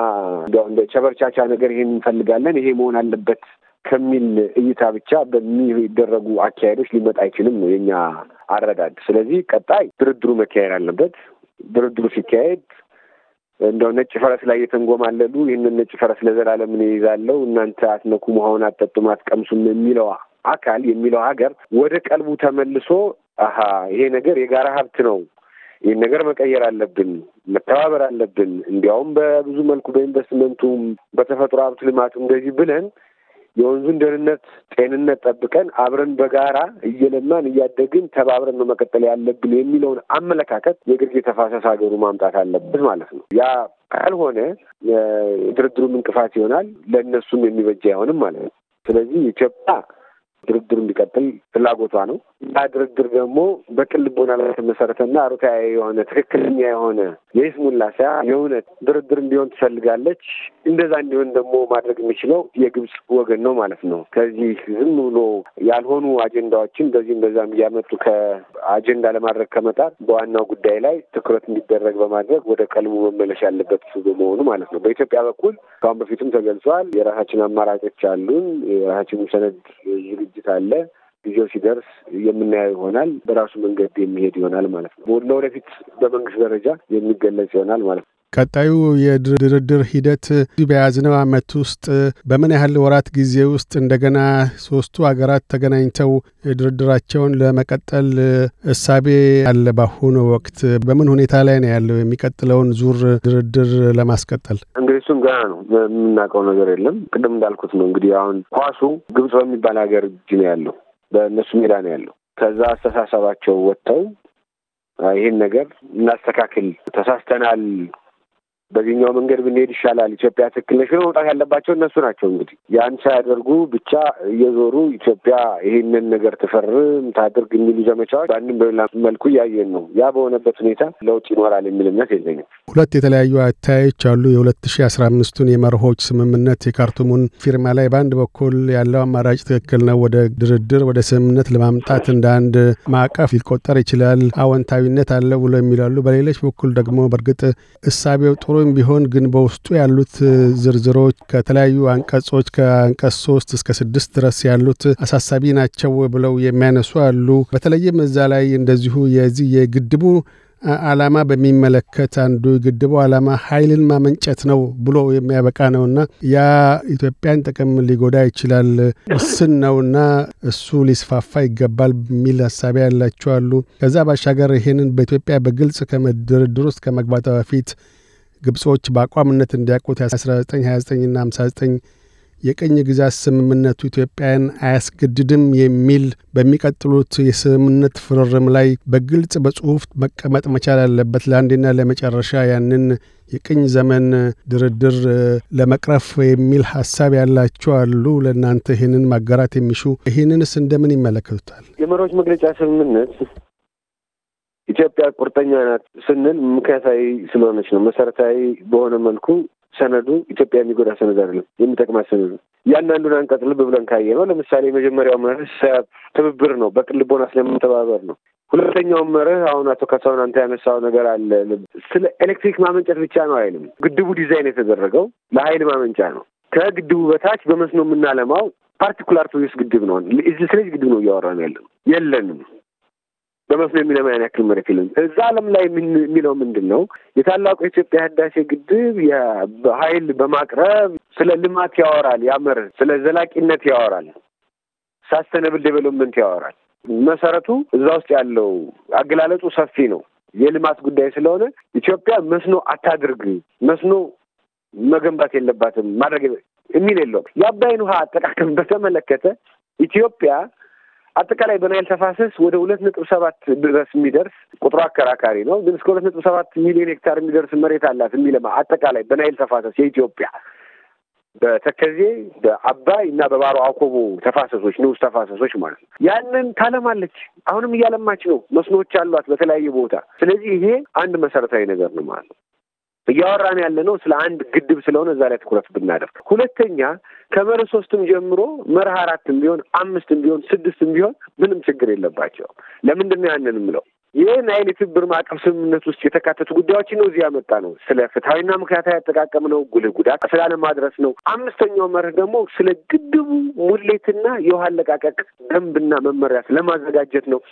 እንደ ቸበርቻቻ ነገር ይሄን እንፈልጋለን ይሄ መሆን አለበት ከሚል እይታ ብቻ በሚደረጉ አካሄዶች ሊመጣ አይችልም ነው የኛ አረዳድ። ስለዚህ ቀጣይ ድርድሩ መካሄድ አለበት። ድርድሩ ሲካሄድ እንደው ነጭ ፈረስ ላይ የተንጎማለሉ ይህንን ነጭ ፈረስ ለዘላለም እኔ ይዛለሁ እናንተ አትነኩ መሆን አትጠጡም፣ አትቀምሱም የሚለው አካል የሚለው ሀገር ወደ ቀልቡ ተመልሶ አሀ ይሄ ነገር የጋራ ሀብት ነው ይህን ነገር መቀየር አለብን፣ መተባበር አለብን፣ እንዲያውም በብዙ መልኩ በኢንቨስትመንቱም በተፈጥሮ ሀብት ልማቱ እንደዚህ ብለን የወንዙን ደህንነት፣ ጤንነት ጠብቀን አብረን በጋራ እየለማን እያደግን ተባብረን ነው መቀጠል ያለብን የሚለውን አመለካከት የግርጌ ተፋሰስ ሀገሩ ማምጣት አለበት ማለት ነው። ያ ካልሆነ ድርድሩም እንቅፋት ይሆናል፣ ለእነሱም የሚበጃ አይሆንም ማለት ነው። ስለዚህ ኢትዮጵያ ድርድሩ እንዲቀጥል ፍላጎቷ ነው። ያ ድርድር ደግሞ በቅን ልቦና ላይ የተመሰረተና ሩካዬ የሆነ ትክክለኛ የሆነ የይስሙላ ሳይሆን የእውነት ድርድር እንዲሆን ትፈልጋለች። እንደዛ እንዲሆን ደግሞ ማድረግ የሚችለው የግብጽ ወገን ነው ማለት ነው። ከዚህ ዝም ብሎ ያልሆኑ አጀንዳዎችን በዚህም በዛም እያመጡ ከአጀንዳ ለማድረግ ከመጣር በዋናው ጉዳይ ላይ ትኩረት እንዲደረግ በማድረግ ወደ ቀልሙ መመለስ ያለበት በመሆኑ ማለት ነው። በኢትዮጵያ በኩል ከአሁን በፊትም ተገልጿል። የራሳችን አማራጮች አሉን። የራሳችን ሰነድ ዝግጅት አለ ጊዜው ሲደርስ የምናየው ይሆናል። በራሱ መንገድ የሚሄድ ይሆናል ማለት ነው። ለወደፊት በመንግስት ደረጃ የሚገለጽ ይሆናል ማለት ነው። ቀጣዩ የድርድር ሂደት በያዝነው ዓመት ውስጥ በምን ያህል ወራት ጊዜ ውስጥ እንደገና ሶስቱ አገራት ተገናኝተው ድርድራቸውን ለመቀጠል እሳቤ አለ? በአሁኑ ወቅት በምን ሁኔታ ላይ ነው ያለው? የሚቀጥለውን ዙር ድርድር ለማስቀጠል እንግዲህ እሱም ገና ነው፣ የምናውቀው ነገር የለም። ቅድም እንዳልኩት ነው እንግዲህ አሁን ኳሱ ግብጽ በሚባል ሀገር እጅ ነው ያለው በእነሱ ሜዳ ነው ያለው። ከዛ አስተሳሰባቸው ወጥተው ይህን ነገር እናስተካክል ተሳስተናል በዚህኛው መንገድ ብንሄድ ይሻላል፣ ኢትዮጵያ ትክክል ነች መውጣት ያለባቸው እነሱ ናቸው። እንግዲህ ያን ሳያደርጉ ብቻ እየዞሩ ኢትዮጵያ ይህንን ነገር ትፈርም ታድርግ የሚሉ ዘመቻዎች በአንድም በሌላ መልኩ እያየን ነው። ያ በሆነበት ሁኔታ ለውጥ ይኖራል የሚል እምነት የለኝም። ሁለት የተለያዩ አታያዮች አሉ። የሁለት ሺ አስራ አምስቱን የመርሆች ስምምነት የካርቱሙን ፊርማ ላይ በአንድ በኩል ያለው አማራጭ ትክክል ነው፣ ወደ ድርድር ወደ ስምምነት ለማምጣት እንደ አንድ ማዕቀፍ ሊቆጠር ይችላል፣ አዎንታዊነት አለው ብሎ የሚላሉ በሌሎች በኩል ደግሞ በእርግጥ እሳቤው ጥሩ ተቆርቁሮም ቢሆን ግን በውስጡ ያሉት ዝርዝሮች ከተለያዩ አንቀጾች ከአንቀጽ ሶስት እስከ ስድስት ድረስ ያሉት አሳሳቢ ናቸው ብለው የሚያነሱ አሉ። በተለይም እዛ ላይ እንደዚሁ የዚህ የግድቡ ዓላማ በሚመለከት አንዱ ግድቡ ዓላማ ኃይልን ማመንጨት ነው ብሎ የሚያበቃ ነውና ያ ኢትዮጵያን ጥቅም ሊጎዳ ይችላል፣ ውስን ነውና እሱ ሊስፋፋ ይገባል የሚል ሀሳቢ ያላቸው አሉ። ከዛ ባሻገር ይሄንን በኢትዮጵያ በግልጽ ከመድርድር ውስጥ ከመግባቷ በፊት ግብጾች በአቋምነት እንዲያውቁት የ1929ና 59 የቅኝ ግዛት ስምምነቱ ኢትዮጵያን አያስገድድም የሚል በሚቀጥሉት የስምምነት ፍርርም ላይ በግልጽ በጽሑፍ መቀመጥ መቻል አለበት። ለአንዴና ለመጨረሻ ያንን የቅኝ ዘመን ድርድር ለመቅረፍ የሚል ሀሳብ ያላቸው አሉ። ለእናንተ ይህንን ማጋራት የሚሹ ይህንንስ እንደምን ይመለከቱታል? የመሪዎች መግለጫ ስምምነት ኢትዮጵያ ቁርጠኛ ናት ስንል ምክንያታዊ ስለሆነች ነው። መሰረታዊ በሆነ መልኩ ሰነዱ ኢትዮጵያ የሚጎዳ ሰነድ አይደለም፣ የሚጠቅማ ሰነድ ነው። ያንዳንዱን አንቀጽ ልብ ብለን ካየ ነው። ለምሳሌ የመጀመሪያው መርህ ትብብር ነው፣ በቅን ልቦና ስለመተባበር ነው። ሁለተኛው መርህ አሁን አቶ ካሳሁን አንተ ያነሳው ነገር አለ። ስለ ኤሌክትሪክ ማመንጨት ብቻ ነው አይልም። ግድቡ ዲዛይን የተደረገው ለሀይል ማመንጫ ነው። ከግድቡ በታች በመስኖ የምናለማው ፓርቲኩላር ቱሪስት ግድብ ነው። ስለዚህ ግድብ ነው እያወራን ያለ የለንም በመስኖ የሚለማ ያክል መሬት የለም። እዛ ዓለም ላይ የሚለው ምንድን ነው? የታላቁ የኢትዮጵያ ህዳሴ ግድብ ኃይል በማቅረብ ስለ ልማት ያወራል፣ ያምር ስለ ዘላቂነት ያወራል፣ ሳስተነብል ዴቨሎፕመንት ያወራል። መሰረቱ እዛ ውስጥ ያለው አገላለጹ ሰፊ ነው። የልማት ጉዳይ ስለሆነ ኢትዮጵያ መስኖ አታድርግ፣ መስኖ መገንባት የለባትም ማድረግ የሚል የለውም። የአባይን ውሃ አጠቃቀም በተመለከተ ኢትዮጵያ አጠቃላይ በናይል ተፋሰስ ወደ ሁለት ነጥብ ሰባት ድረስ የሚደርስ ቁጥሩ አከራካሪ ነው፣ ግን እስከ ሁለት ነጥብ ሰባት ሚሊዮን ሄክታር የሚደርስ መሬት አላት የሚለማ አጠቃላይ በናይል ተፋሰስ የኢትዮጵያ በተከዜ በአባይ እና በባሮ አኮቦ ተፋሰሶች ንዑስ ተፋሰሶች ማለት ነው። ያንን ታለማለች። አሁንም እያለማች ነው። መስኖዎች አሏት በተለያየ ቦታ። ስለዚህ ይሄ አንድ መሰረታዊ ነገር ነው ማለት ነው። እያወራን ያለ ነው ስለ አንድ ግድብ ስለሆነ እዛ ላይ ትኩረት ብናደርግ፣ ሁለተኛ ከመርህ ሶስትም ጀምሮ መርህ አራትም ቢሆን አምስትም ቢሆን ስድስትም ቢሆን ምንም ችግር የለባቸውም። ለምንድን ነው ያንን የምለው? ይህ ናይል የትብብር ማዕቀፍ ስምምነት ውስጥ የተካተቱ ጉዳዮች ነው እዚህ ያመጣ ነው። ስለ ፍትሐዊና ምክንያታዊ አጠቃቀም ነው፣ ጉልህ ጉዳት ስላለማድረስ ነው። አምስተኛው መርህ ደግሞ ስለ ግድቡ ሙሌትና የውሃ አለቃቀቅ ደንብና መመሪያ ስለማዘጋጀት ነው።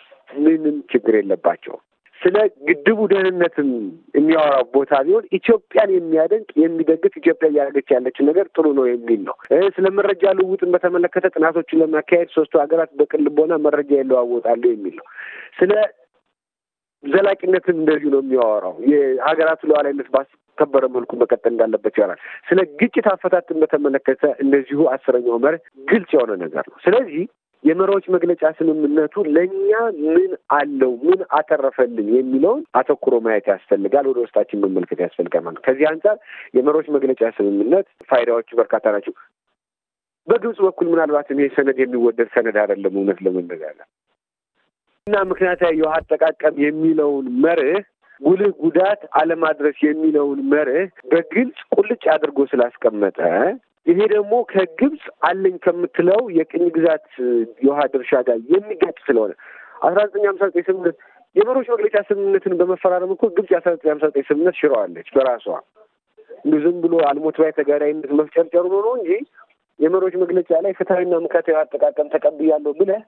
ምንም ችግር የለባቸውም። ስለ ግድቡ ደህንነትም የሚያወራው ቦታ ቢሆን ኢትዮጵያን የሚያደንቅ የሚደግፍ ኢትዮጵያ እያደረገች ያለችን ነገር ጥሩ ነው የሚል ነው። ስለ መረጃ ልውውጥን በተመለከተ ጥናቶችን ለማካሄድ ሶስቱ ሀገራት በቅን ልቦና መረጃ ይለዋወጣሉ የሚል ነው። ስለ ዘላቂነትን እንደዚሁ ነው የሚያወራው። የሀገራቱ ሉዓላዊነት ባስከበረ መልኩ መቀጠል እንዳለበት ይሆናል። ስለ ግጭት አፈታትን በተመለከተ እንደዚሁ አስረኛው መርህ ግልጽ የሆነ ነገር ነው። ስለዚህ የመሪዎች መግለጫ ስምምነቱ ለእኛ ምን አለው፣ ምን አተረፈልን የሚለውን አተኩሮ ማየት ያስፈልጋል። ወደ ውስጣችን መመልከት ያስፈልጋል ማለት ከዚህ አንጻር የመሪዎች መግለጫ ስምምነት ፋይዳዎቹ በርካታ ናቸው። በግብጽ በኩል ምናልባትም ይህ ሰነድ የሚወደድ ሰነድ አይደለም እውነት ለመነጋገር እና ምክንያታዊ የውሃ አጠቃቀም የሚለውን መርህ ጉልህ ጉዳት አለማድረስ የሚለውን መርህ በግልጽ ቁልጭ አድርጎ ስላስቀመጠ ይሄ ደግሞ ከግብፅ አለኝ ከምትለው የቅኝ ግዛት የውሃ ድርሻ ጋር የሚገጥ ስለሆነ አስራ ዘጠኝ ሀምሳ ዘጠኝ ስምምነት የበሮች መግለጫ ስምምነትን በመፈራረም እኮ ግብፅ የአስራ ዘጠኝ ሀምሳ ዘጠኝ ስምምነት ሽረዋለች በራሷ እንዲ ዝም ብሎ አልሞት ባይ ተጋዳይነት መፍጨርጨሩ ነው እንጂ የመሮች መግለጫ ላይ ፍትሐዊና ምክንያታዊ አጠቃቀም ተቀብያለሁ ብለህ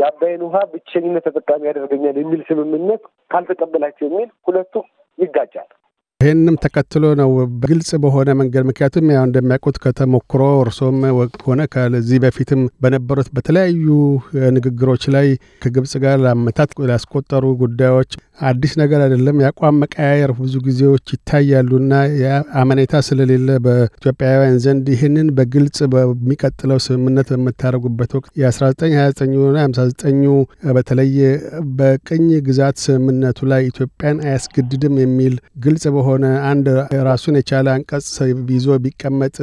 የአባይን ውሃ ብቸኝነት ተጠቃሚ ያደርገኛል የሚል ስምምነት ካልተቀበላቸው የሚል ሁለቱ ይጋጫል። ይህንም ተከትሎ ነው በግልጽ በሆነ መንገድ ምክንያቱም ያው እንደሚያውቁት ከተሞክሮ እርሶም ሆነ ከዚህ በፊትም በነበሩት በተለያዩ ንግግሮች ላይ ከግብጽ ጋር ለአመታት ላስቆጠሩ ጉዳዮች አዲስ ነገር አይደለም። የአቋም መቀያየር ብዙ ጊዜዎች ይታያሉና አመኔታ ስለሌለ በኢትዮጵያውያን ዘንድ ይህንን በግልጽ በሚቀጥለው ስምምነት በምታደርጉበት ወቅት የ1929ና 59ኙ በተለየ በቅኝ ግዛት ስምምነቱ ላይ ኢትዮጵያን አያስገድድም የሚል ግልጽ በሆነ አንድ ራሱን የቻለ አንቀጽ ይዞ ቢቀመጥ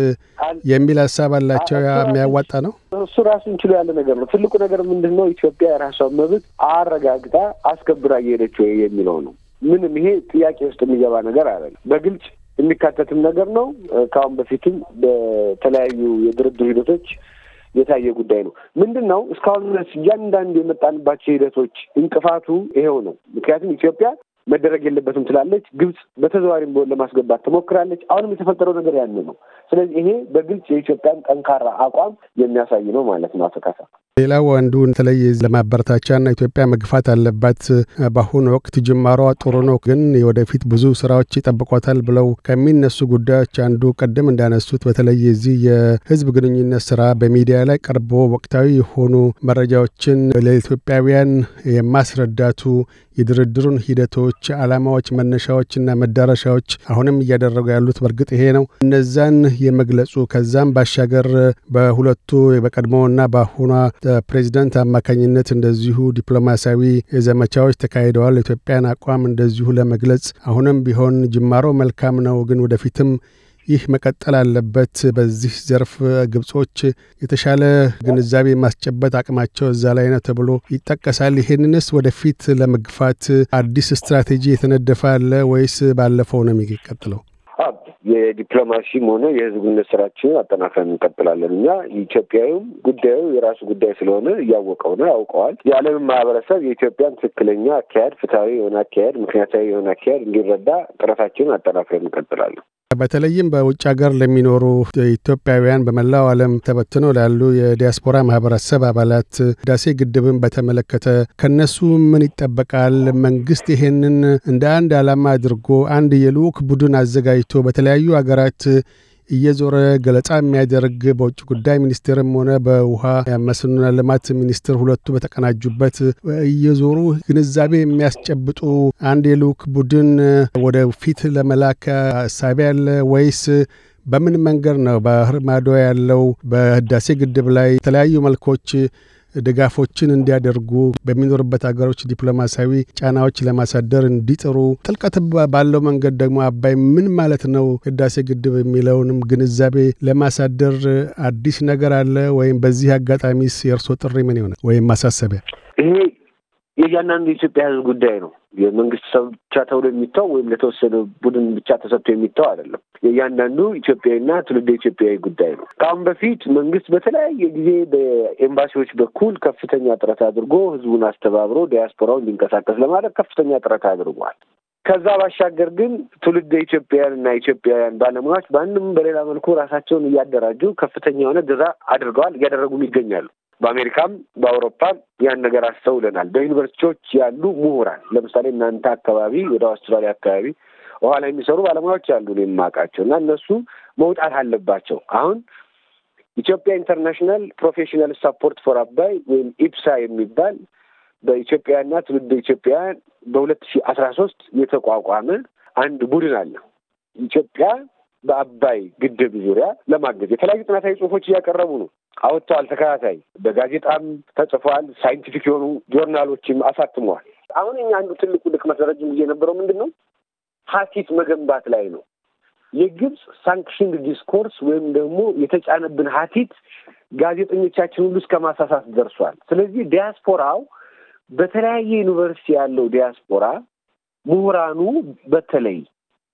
የሚል ሀሳብ አላቸው የሚያዋጣ ነው። እሱ ራሱን ችሎ ያለ ነገር ነው። ትልቁ ነገር ምንድን ነው? ኢትዮጵያ የራሷን መብት አረጋግጣ አስከብራ እየሄደች ወይ የሚለው ነው። ምንም ይሄ ጥያቄ ውስጥ የሚገባ ነገር አለ። በግልጽ የሚካተትም ነገር ነው። ከአሁን በፊትም በተለያዩ የድርድር ሂደቶች የታየ ጉዳይ ነው። ምንድን ነው እስካሁን ድረስ እያንዳንዱ የመጣንባቸው ሂደቶች እንቅፋቱ ይሄው ነው። ምክንያቱም ኢትዮጵያ መደረግ የለበትም ትላለች። ግብጽ በተዘዋሪም ቢሆን ለማስገባት ትሞክራለች። አሁንም የተፈጠረው ነገር ያን ነው። ስለዚህ ይሄ በግልጽ የኢትዮጵያን ጠንካራ አቋም የሚያሳይ ነው ማለት ነው። አቶ ሌላው አንዱ በተለይ ለማበረታቻና ኢትዮጵያ መግፋት አለባት። በአሁኑ ወቅት ጅማሯ ጥሩ ነው፣ ግን ወደፊት ብዙ ስራዎች ይጠብቋታል ብለው ከሚነሱ ጉዳዮች አንዱ ቀደም እንዳነሱት በተለይ የዚህ የህዝብ ግንኙነት ስራ በሚዲያ ላይ ቀርቦ ወቅታዊ የሆኑ መረጃዎችን ለኢትዮጵያውያን የማስረዳቱ የድርድሩን ሂደቶች፣ ዓላማዎች፣ መነሻዎችና መዳረሻዎች አሁንም እያደረጉ ያሉት በእርግጥ ይሄ ነው። እነዛን የመግለጹ ከዛም ባሻገር በሁለቱ በቀድሞና በአሁኗ ፕሬዚደንት አማካኝነት እንደዚሁ ዲፕሎማሲያዊ ዘመቻዎች ተካሂደዋል። ኢትዮጵያን አቋም እንደዚሁ ለመግለጽ አሁንም ቢሆን ጅማሮ መልካም ነው፣ ግን ወደፊትም ይህ መቀጠል አለበት። በዚህ ዘርፍ ግብጾች የተሻለ ግንዛቤ የማስጨበጥ አቅማቸው እዛ ላይ ነው ተብሎ ይጠቀሳል። ይሄንንስ ወደፊት ለመግፋት አዲስ ስትራቴጂ የተነደፈ አለ ወይስ ባለፈው ነው የሚቀጥለው? የዲፕሎማሲም ሆነ የህዝብነት ስራችንን አጠናክረን እንቀጥላለን። እኛ ኢትዮጵያዊም ጉዳዩ የራሱ ጉዳይ ስለሆነ እያወቀው ነው ያውቀዋል። የዓለምን ማህበረሰብ የኢትዮጵያን ትክክለኛ አካሄድ፣ ፍትሐዊ የሆነ አካሄድ፣ ምክንያታዊ የሆነ አካሄድ እንዲረዳ ጥረታችንን አጠናክረን እንቀጥላለን። በተለይም በውጭ ሀገር ለሚኖሩ ኢትዮጵያውያን በመላው ዓለም ተበትኖ ላሉ የዲያስፖራ ማህበረሰብ አባላት ህዳሴ ግድብን በተመለከተ ከነሱ ምን ይጠበቃል? መንግስት ይሄንን እንደ አንድ ዓላማ አድርጎ አንድ የልዑክ ቡድን አዘጋጅቶ በተለያዩ ሀገራት እየዞረ ገለጻ የሚያደርግ በውጭ ጉዳይ ሚኒስቴርም ሆነ በውሃ መስኖና ልማት ሚኒስቴር ሁለቱ በተቀናጁበት እየዞሩ ግንዛቤ የሚያስጨብጡ አንድ የልዑክ ቡድን ወደ ፊት ለመላክ እሳቤ ያለ ወይስ በምን መንገድ ነው? ባህር ማዶ ያለው በህዳሴ ግድብ ላይ የተለያዩ መልኮች ድጋፎችን እንዲያደርጉ በሚኖርበት ሀገሮች ዲፕሎማሲያዊ ጫናዎች ለማሳደር እንዲጥሩ ጥልቀት ባለው መንገድ ደግሞ አባይ ምን ማለት ነው ህዳሴ ግድብ የሚለውንም ግንዛቤ ለማሳደር አዲስ ነገር አለ ወይም በዚህ አጋጣሚስ የእርሶ ጥሪ ምን ይሆናል ወይም ማሳሰቢያ? ይሄ የእያንዳንዱ የኢትዮጵያ ሕዝብ ጉዳይ ነው። የመንግስት ሰው ብቻ ተብሎ የሚተው ወይም ለተወሰነ ቡድን ብቻ ተሰጥቶ የሚተው አይደለም። የእያንዳንዱ ኢትዮጵያዊና ትውልደ ኢትዮጵያዊ ጉዳይ ነው። ከአሁን በፊት መንግስት በተለያየ ጊዜ በኤምባሲዎች በኩል ከፍተኛ ጥረት አድርጎ ህዝቡን አስተባብሮ ዲያስፖራው እንዲንቀሳቀስ ለማድረግ ከፍተኛ ጥረት አድርጓል። ከዛ ባሻገር ግን ትውልደ ኢትዮጵያውያን እና ኢትዮጵያውያን ባለሙያዎች በአንድም በሌላ መልኩ ራሳቸውን እያደራጁ ከፍተኛ የሆነ ግዛ አድርገዋል፣ እያደረጉም ይገኛሉ። በአሜሪካም በአውሮፓም ያን ነገር አስተውለናል። በዩኒቨርሲቲዎች ያሉ ምሁራን ለምሳሌ እናንተ አካባቢ ወደ አውስትራሊያ አካባቢ ውሃ ላይ የሚሰሩ ባለሙያዎች አሉ እኔ የማውቃቸው እና እነሱ መውጣት አለባቸው። አሁን ኢትዮጵያ ኢንተርናሽናል ፕሮፌሽናል ሳፖርት ፎር አባይ ወይም ኢፕሳ የሚባል በኢትዮጵያውያንና ትውልድ ኢትዮጵያውያን በሁለት ሺ አስራ ሶስት የተቋቋመ አንድ ቡድን አለ ኢትዮጵያ በአባይ ግድብ ዙሪያ ለማገዝ የተለያዩ ጥናታዊ ጽሁፎች እያቀረቡ ነው። አወጥተዋል። ተከታታይ በጋዜጣም ተጽፏል። ሳይንቲፊክ የሆኑ ጆርናሎችም አሳትመዋል። አሁን እኛ አንዱ ትልቁ ድክመት ረጅም ጊዜ የነበረው ምንድን ነው? ሀቲት መገንባት ላይ ነው። የግብፅ ሳንክሽንድ ዲስኮርስ ወይም ደግሞ የተጫነብን ሀቲት ጋዜጠኞቻችን ሁሉ እስከ ማሳሳት ደርሷል። ስለዚህ ዲያስፖራው በተለያየ ዩኒቨርሲቲ ያለው ዲያስፖራ ምሁራኑ በተለይ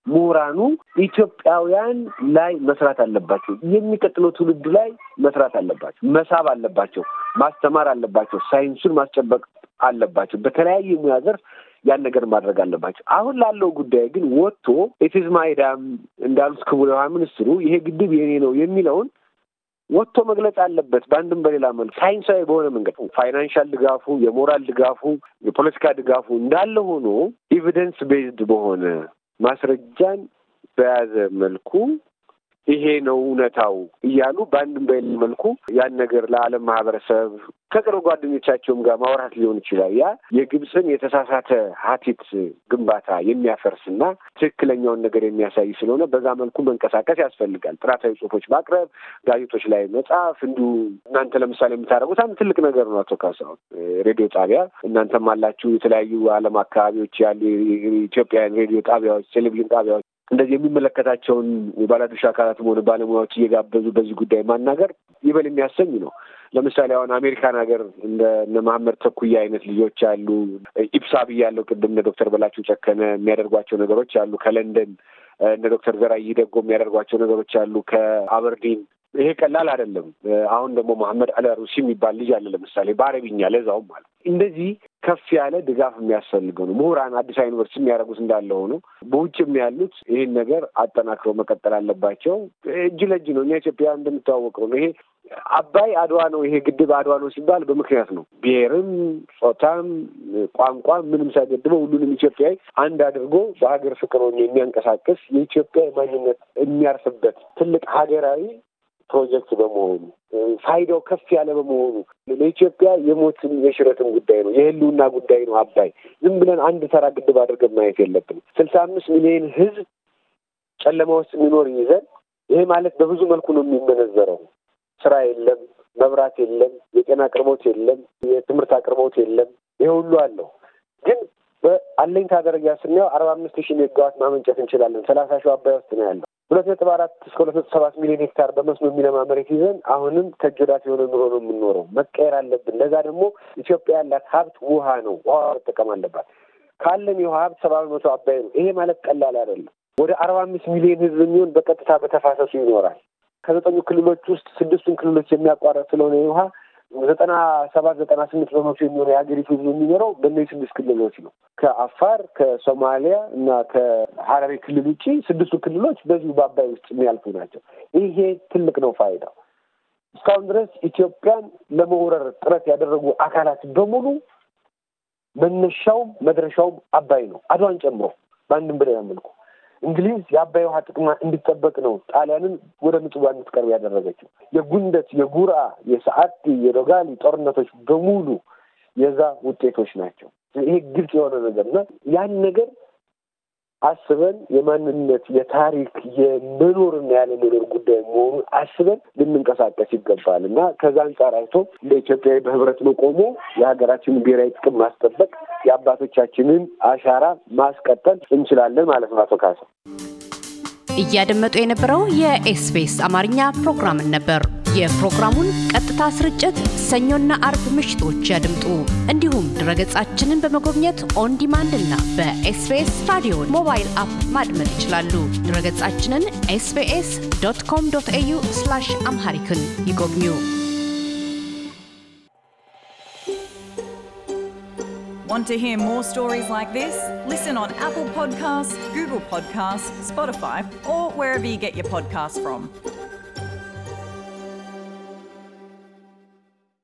ምሁራኑ ኢትዮጵያውያን ላይ መስራት አለባቸው። የሚቀጥለው ትውልድ ላይ መስራት አለባቸው። መሳብ አለባቸው። ማስተማር አለባቸው። ሳይንሱን ማስጨበቅ አለባቸው። በተለያየ ሙያ ዘርፍ ያን ነገር ማድረግ አለባቸው። አሁን ላለው ጉዳይ ግን ወጥቶ ኢትዝ ማይ እንዳሉት ክቡር ውሃ ሚኒስትሩ ይሄ ግድብ የኔ ነው የሚለውን ወጥቶ መግለጽ አለበት። በአንድም በሌላ መል ሳይንሳዊ በሆነ መንገድ ፋይናንሻል ድጋፉ፣ የሞራል ድጋፉ፣ የፖለቲካ ድጋፉ እንዳለ ሆኖ ኤቪደንስ ቤዝድ በሆነ ማስረጃን በያዘ መልኩ ይሄ ነው እውነታው እያሉ በአንድም በሌል መልኩ ያን ነገር ለዓለም ማህበረሰብ ከቅርብ ጓደኞቻቸውም ጋር ማውራት ሊሆን ይችላል። ያ የግብፅን የተሳሳተ ሀቲት ግንባታ የሚያፈርስና ትክክለኛውን ነገር የሚያሳይ ስለሆነ በዛ መልኩ መንቀሳቀስ ያስፈልጋል። ጥናታዊ ጽሁፎች ማቅረብ፣ ጋዜጦች ላይ መጻፍ፣ እንዲሁ እናንተ ለምሳሌ የምታደርጉት አንድ ትልቅ ነገር ነው። አቶ ካሳሁን ሬዲዮ ጣቢያ እናንተም አላችሁ። የተለያዩ ዓለም አካባቢዎች ያሉ ኢትዮጵያውያን ሬዲዮ ጣቢያዎች፣ ቴሌቪዥን ጣቢያዎች እንደዚህ የሚመለከታቸውን የባለድርሻ አካላት ሆነ ባለሙያዎች እየጋበዙ በዚህ ጉዳይ ማናገር ይበል የሚያሰኝ ነው። ለምሳሌ አሁን አሜሪካን ሀገር እንደ እነ መሀመድ ተኩያ አይነት ልጆች አሉ። ኢፕሳብ ያለው ቅድም እነ ዶክተር በላቸው ጨከነ የሚያደርጓቸው ነገሮች አሉ። ከለንደን እነ ዶክተር ዘራይ ደጎ የሚያደርጓቸው ነገሮች አሉ። ከአበርዲን ይሄ ቀላል አይደለም። አሁን ደግሞ መሐመድ አለሩሲ የሚባል ልጅ አለ ለምሳሌ በአረብኛ ለዛውም ማለት እንደዚህ ከፍ ያለ ድጋፍ የሚያስፈልገው ነው። ምሁራን አዲስ ዩኒቨርሲቲ የሚያደርጉት እንዳለ ሆኖ በውጭም ያሉት ይህን ነገር አጠናክረው መቀጠል አለባቸው። እጅ ለእጅ ነው። እኛ ኢትዮጵያ እንደምታወቀው ነው። ይሄ አባይ አድዋ ነው፣ ይሄ ግድብ አድዋ ነው ሲባል በምክንያት ነው። ብሔርም፣ ጾታም፣ ቋንቋም ምንም ሳይገድበው ሁሉንም ኢትዮጵያዊ አንድ አድርጎ በሀገር ፍቅር የሚያንቀሳቅስ የኢትዮጵያ የማንነት የሚያርፍበት ትልቅ ሀገራዊ ፕሮጀክት በመሆኑ ፋይዳው ከፍ ያለ በመሆኑ ለኢትዮጵያ የሞትም የሽረትም ጉዳይ ነው፣ የህልውና ጉዳይ ነው። አባይ ዝም ብለን አንድ ተራ ግድብ አድርገን ማየት የለብን ስልሳ አምስት ሚሊዮን ህዝብ ጨለማ ውስጥ የሚኖር ይዘን ይሄ ማለት በብዙ መልኩ ነው የሚመነዘረው። ስራ የለም፣ መብራት የለም፣ የጤና አቅርቦት የለም፣ የትምህርት አቅርቦት የለም። ይሄ ሁሉ አለው ግን በአለኝታ ደረጃ ስናየው አርባ አምስት ሺህ ሜጋዋት ማመንጨት እንችላለን። ሰላሳ ሺው አባይ ውስጥ ነው ያለው። ሁለት ነጥብ አራት እስከ ሁለት ነጥብ ሰባት ሚሊዮን ሄክታር በመስኖ የሚለማ መሬት ይዘን አሁንም ተጅዳት የሆነ ኑሮ ነው የምንኖረው። መቀየር አለብን። ለዛ ደግሞ ኢትዮጵያ ያላት ሀብት ውሃ ነው። ውሃ መጠቀም አለባት። ካለን የውሃ ሀብት ሰባ በመቶ አባይ ነው። ይሄ ማለት ቀላል አይደለም። ወደ አርባ አምስት ሚሊዮን ህዝብ የሚሆን በቀጥታ በተፋሰሱ ይኖራል። ከዘጠኙ ክልሎች ውስጥ ስድስቱን ክልሎች የሚያቋረጥ ስለሆነ ውሃ ዘጠና ሰባት ዘጠና ስምንት በመቶ የሚሆነው የሀገሪቱ ህዝብ የሚኖረው በእነዚህ ስድስት ክልሎች ነው። ከአፋር ከሶማሊያ እና ከሀረሪ ክልል ውጭ ስድስቱ ክልሎች በዚሁ በአባይ ውስጥ የሚያልፉ ናቸው። ይሄ ትልቅ ነው ፋይዳው። እስካሁን ድረስ ኢትዮጵያን ለመውረር ጥረት ያደረጉ አካላት በሙሉ መነሻውም መድረሻውም አባይ ነው፣ አድዋን ጨምሮ በአንድም ብለ ያመልኩ እንግሊዝ የአባይ ውሃ ጥቅማ እንዲጠበቅ ነው ጣሊያንን ወደ ምጽዋ እንድትቀርብ ያደረገችው። የጉንደት፣ የጉራ፣ የሰዓቲ፣ የዶጋሊ ጦርነቶች በሙሉ የዛ ውጤቶች ናቸው። ይሄ ግልጽ የሆነ ነገር እና ያን ነገር አስበን የማንነት የታሪክ የመኖርና ያለመኖር ጉዳይ መሆኑን አስበን ልንንቀሳቀስ ይገባል እና ከዛ አንጻር አይቶ እንደ ኢትዮጵያዊ በህብረት መቆሙ የሀገራችንን ብሔራዊ ጥቅም ማስጠበቅ የአባቶቻችንን አሻራ ማስቀጠል እንችላለን ማለት ነው። አቶ ካሳ እያደመጡ የነበረው የኤስቢኤስ አማርኛ ፕሮግራምን ነበር። የፕሮግራሙን ቀጥታ በቀጥታ ስርጭት ሰኞና አርብ ምሽቶች ያድምጡ። እንዲሁም ድረገጻችንን በመጎብኘት ኦን ዲማንድ እና ሞባይል አፕ ማድመጥ ይችላሉ። ድረገጻችንን ዶት ኮም ዶት ኤዩ አምሃሪክን ይጎብኙ። Want to hear more stories like this? Listen on Apple Podcasts, Google Podcasts, Spotify, or wherever you get your podcasts from.